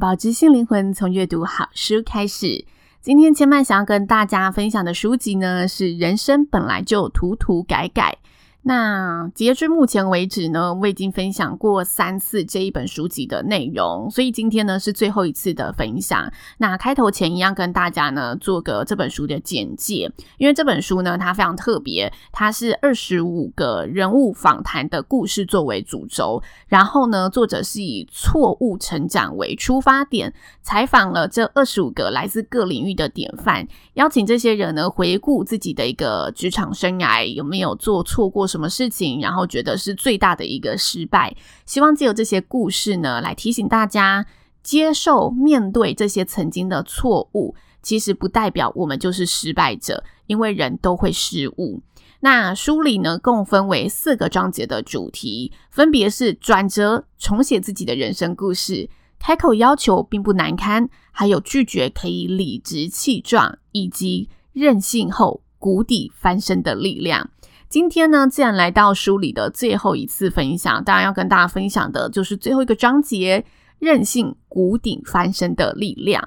保持性靈魂，從閱讀好書開始。今天千曼想要跟大家分享的書籍呢，是《人生本來就塗塗改改》。那截至目前為止呢，我已經分享過三次這一本書籍的內容，所以今天呢是最後一次的分享。那開頭前一樣跟大家呢做個這本書的簡介，因為這本書呢它非常特別，它是二十五個人物訪談的故事作為主軸，然後呢作者是以錯誤成長為出發點，採訪了這二十五個來自各領域的典範，邀請這些人呢回顧自己的一個職場生涯，有沒有做錯過什麼事情，然後覺得是最大的一個失敗？希望借由這些故事呢，來提醒大家，接受面對這些曾經的錯誤，其實不代表我們就是失敗者，因為人都會失誤。那書裡呢，共分為四個章節的主題，分別是轉折、重寫自己的人生故事、開口要求並不難堪，還有拒絕可以理直氣壯，以及韌性後谷底翻身的力量。今天呢，既然來到書裡的最後一次分享，當然要跟大家分享的就是最後一個章節《韌性谷底翻身的力量》。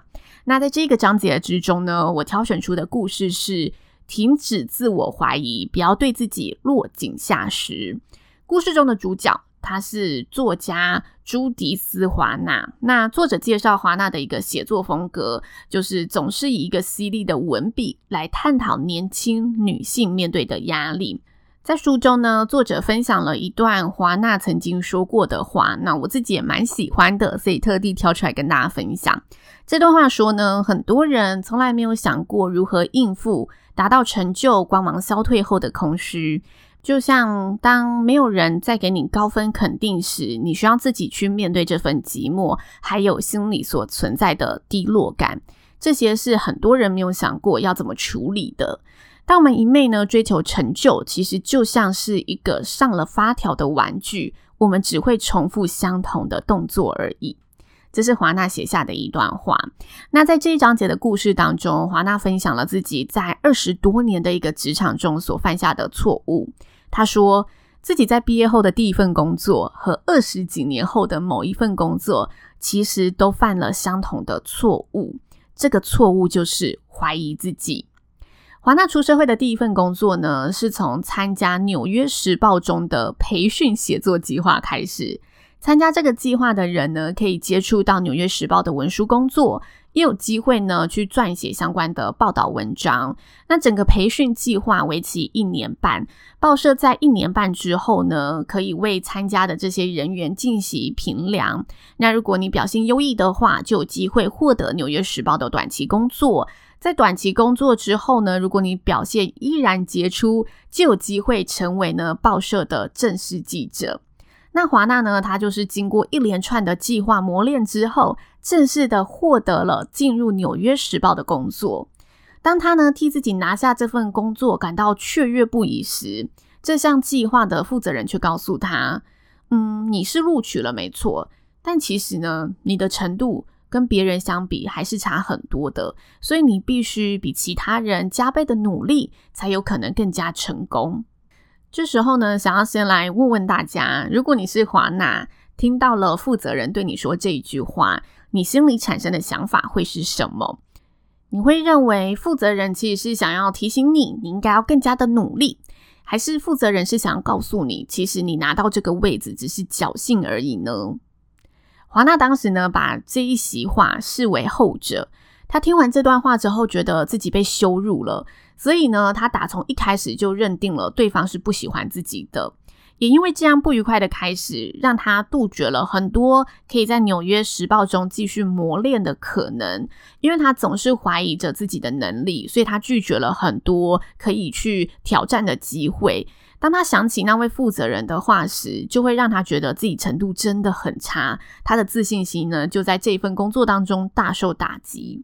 那在這個章節之中呢，我挑選出的故事是《停止自我懷疑，不要對自己落井下石》。故事中的主角她是作家朱迪斯·華納。那作者介紹華納的一個寫作風格，就是總是以一個犀利的文筆來探討年輕女性面對的壓力。在書中呢，作者分享了一段華納曾經說過的話，那我自己也蠻喜歡的，所以特地挑出來跟大家分享。這段話說呢，很多人從來沒有想過如何應付達到成就光芒消退後的空虛，就像當沒有人再給你高分肯定時，你需要自己去面對這份寂寞，還有心裡所存在的低落感，這些是很多人沒有想過要怎麼處理的。當我們一昧呢追求成就，其實就像是一個上了發條的玩具，我們只會重複相同的動作而已。這是華納寫下的一段話。那在這一章節的故事當中，華納分享了自己在二十多年的一個職場中所犯下的錯誤。他說自己在畢業後的第一份工作和二十幾年後的某一份工作，其實都犯了相同的錯誤。這個錯誤就是懷疑自己。華納出社會的第一份工作呢，是從參加《紐約時報》中的培訓寫作計劃開始。參加這個計劃的人呢，可以接觸到《紐約時報》的文書工作。也有機會呢，去撰寫相關的報道文章。那整個培訓計劃為期一年半，報社在一年半之後呢，可以為參加的這些人員進行評量。那如果你表現優異的話，就有機會獲得《紐約時報》的短期工作。在短期工作之後呢，如果你表現依然傑出，就有機會成為呢，報社的正式記者。那華納呢，他就是經過一連串的計劃磨練之後，正式的獲得了進入《紐約時報》的工作。當他呢，替自己拿下這份工作感到雀躍不已時，這項計劃的負責人卻告訴他：“嗯，你是錄取了沒錯，但其實呢，你的程度跟別人相比還是差很多的，所以你必須比其他人加倍的努力，才有可能更加成功。”這時候呢，想要先來問問大家：如果你是華納，聽到了負責人對你說這一句話，你心裡產生的想法會是什麼？你會認為負責人其實是想要提醒你，你應該要更加的努力，還是負責人是想要告訴你，其實你拿到這個位置只是僥倖而已呢？華納當時呢，把這一席話視為後者。他聽完這段話之後，覺得自己被羞辱了，所以呢，他打從一開始就認定了對方是不喜歡自己的。也因為這樣不愉快的開始，讓他杜絕了很多可以在《紐約時報》中繼續磨練的可能。因為他總是懷疑着自己的能力，所以他拒絕了很多可以去挑戰的機會。當他想起那位負責人的話時，就會讓他覺得自己程度真的很差。他的自信心呢，就在這一份工作當中大受打擊。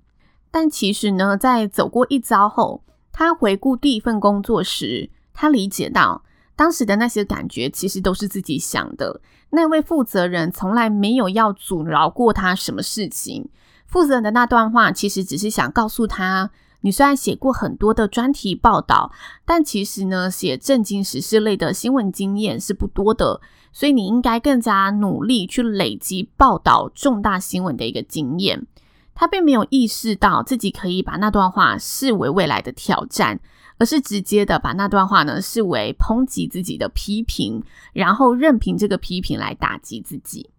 但其實呢，在走過一遭後，他回顧第一份工作時，他理解到當時的那些感覺其實都是自己想的。那位負責人從來沒有要阻撓過他什麼事情。負責人的那段話其實只是想告訴他：你雖然寫過很多的專題報道，但其實呢，寫正經時事類的新聞經驗是不多的，所以你應該更加努力去累積報道重大新聞的一個經驗。他並沒有意識到自己可以把那段話視為未來的挑戰，而是直接的把那段話呢視為抨擊自己的批評，然後任憑這個批評來打擊自己。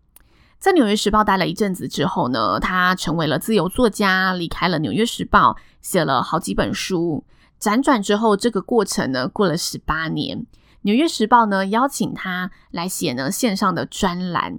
在《紐約時報》待了一陣子之後呢，他成為了自由作家，離開了《紐約時報》，寫了好幾本書。輾轉之後，這個過程呢過了十八年，《紐約時報》呢邀請他來寫呢線上的專欄。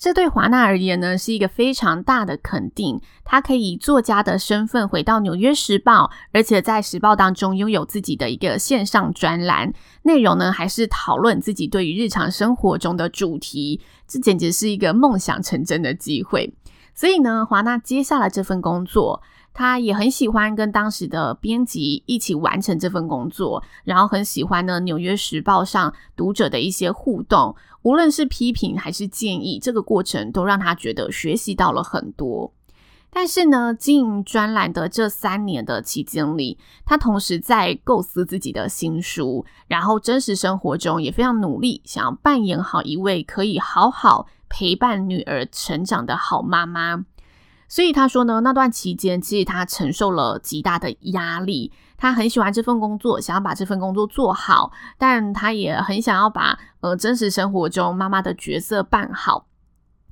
這對華納而言呢，是一個非常大的肯定。他可以以作家的身份回到《紐約時報》，而且在《時報》當中擁有自己的一個線上專欄，內容呢，還是討論自己對於日常生活中的主題。這簡直是一個夢想成真的機會。所以呢，華納接下了這份工作，他也很喜歡跟當時的編輯一起完成這份工作，然後很喜歡呢《紐約時報》上讀者的一些互動，無論是批評還是建議，這個過程都讓他覺得學習到了很多。但是呢，經營專欄的這三年的期間裡，他同時在構思自己的新書，然後真實生活中也非常努力，想要扮演好一位可以好好陪伴女兒成長的好媽媽。所以他說呢，那段期間其實他承受了極大的壓力。他很喜歡這份工作，想要把這份工作做好，但他也很想要把呃真實生活中媽媽的角色扮好。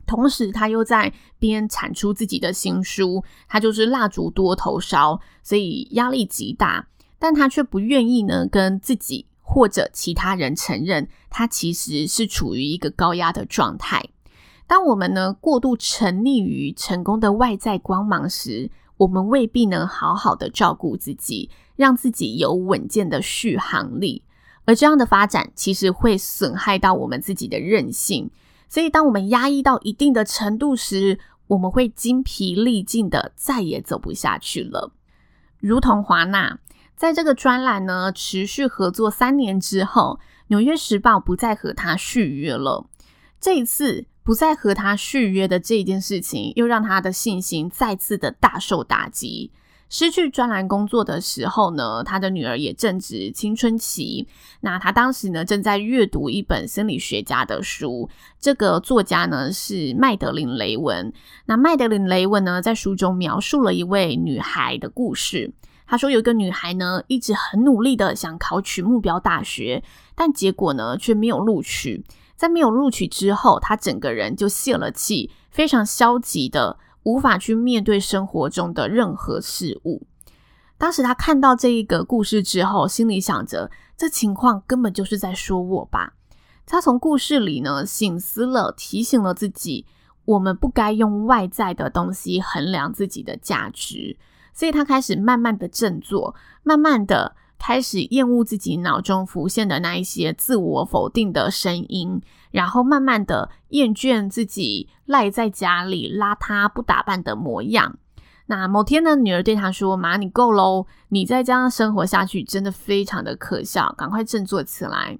同時，他又在邊產出自己的新書，他就是蠟燭多頭燒，所以壓力極大。但他卻不願意呢，跟自己或者其他人承認，他其實是處於一個高壓的狀態。當我們呢，過度沉溺於成功的外在光芒時，我們未必能好好的照顧自己，讓自己有穩健的續航力。而這樣的發展，其實會損害到我們自己的韌性。所以，當我們壓抑到一定的程度時，我們會精疲力盡的，再也走不下去了。如同華納在這個專欄呢持續合作三年之後，紐約時報不再和他續約了。這一次不再和他續約的這件事情，又讓他的信心再次的大受打擊。失去專欄工作的時候呢，他的女兒也正值青春期。那他當時呢正在閱讀一本心理學家的書，這個作家呢是麥德林雷文。那麥德林雷文呢在書中描述了一位女孩的故事。他說有一個女孩呢一直很努力的想考取目標大學，但結果呢卻沒有錄取。在沒有錄取之後，她整個人就泄了氣，非常消極的。無法去面對生活中的任何事物。當時他看到這一個故事之後，心裡想着，這情況根本就是在說我吧。他從故事裡呢，省思了，提醒了自己，我們不該用外在的東西衡量自己的價值。所以，他開始慢慢的振作，慢慢的。開始厭惡自己腦中浮現的那一些自我否定的聲音，然後慢慢的厭倦自己賴在家裡邋遢不打扮的模樣。那某天呢，女兒對他說：“媽，你夠嘍，你再這樣生活下去，真的非常的可笑，趕快振作起來。”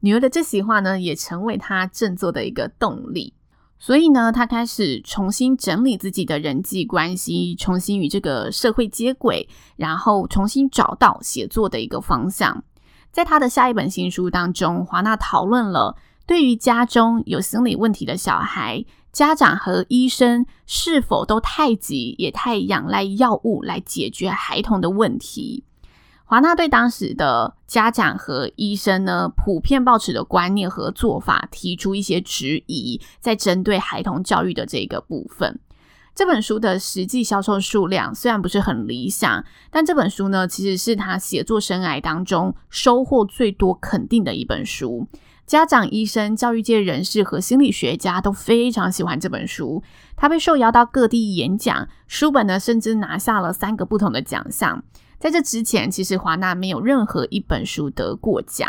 女兒的這席話呢，也成為他振作的一個動力。所以呢，他開始重新整理自己的人際關係，重新與這個社會接軌，然後重新找到寫作的一個方向。在他的下一本新書當中，華納討論了對於家中有心理問題的小孩，家長和醫生是否都太急，也太仰賴藥物來解決孩童的問題。華納對當時的家長和醫生呢，普遍抱持的觀念和做法提出一些質疑，在針對孩童教育的這個部分，這本書的實際銷售數量雖然不是很理想，但這本書呢，其實是他寫作生涯當中收穫最多肯定的一本書。家長、醫生、教育界人士和心理學家都非常喜歡這本書。他被受邀到各地演講，書本呢，甚至拿下了三個不同的獎項。在這之前，其實華納沒有任何一本書得過獎。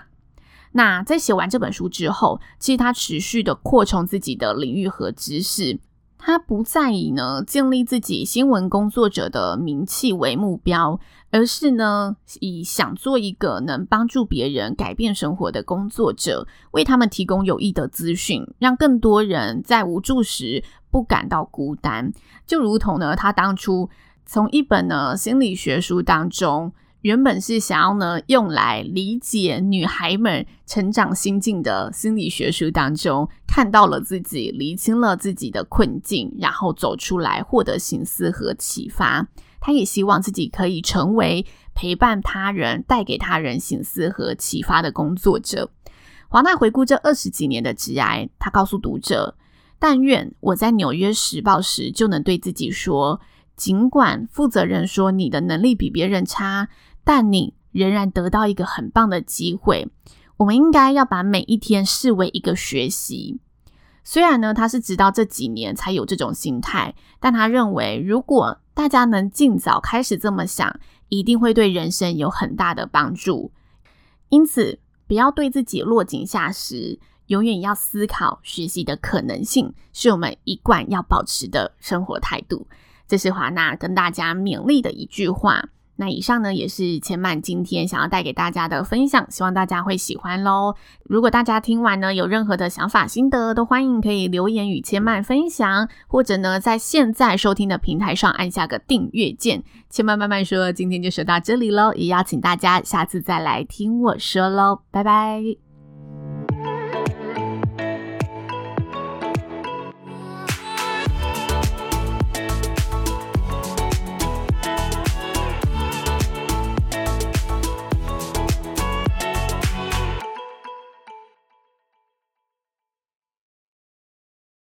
那在寫完這本書之後，其實他持續地擴充自己的領域和知識。他不再以呢建立自己新聞工作者的名氣為目標，而是呢以想做一個能幫助別人改變生活的工作者，為他們提供有益的資訊，讓更多人在無助時不感到孤單。就如同呢他當初。從一本呢心理學書當中，原本是想要呢用來理解女孩們成長心境的心理學書當中，看到了自己，理清了自己的困境，然後走出來，獲得省思和啟發。他也希望自己可以成為陪伴他人、帶給他人省思和啟發的工作者。華納回顧這二十幾年的職涯，他告訴讀者：“但願我在《紐約時報》時就能對自己說。”儘管負責人說你的能力比別人差，但你仍然得到一個很棒的機會。我們應該要把每一天視為一個學習。雖然呢，他是直到這幾年才有這種心態，但他認為如果大家能儘早開始這麼想，一定會對人生有很大的幫助。因此，不要對自己落井下石，永遠要思考學習的可能性，是我們一貫要保持的生活態度。這是華納跟大家勉勵的一句話。那以上呢，也是千曼今天想要帶給大家的分享，希望大家會喜歡嘍。如果大家聽完呢，有任何的想法心得，都歡迎可以留言與千萬分享，或者呢，在現在收聽的平台上按下個訂閱鍵。千曼慢慢說，今天就說到這裡嘍，也邀請大家下次再來聽我說嘍，拜拜。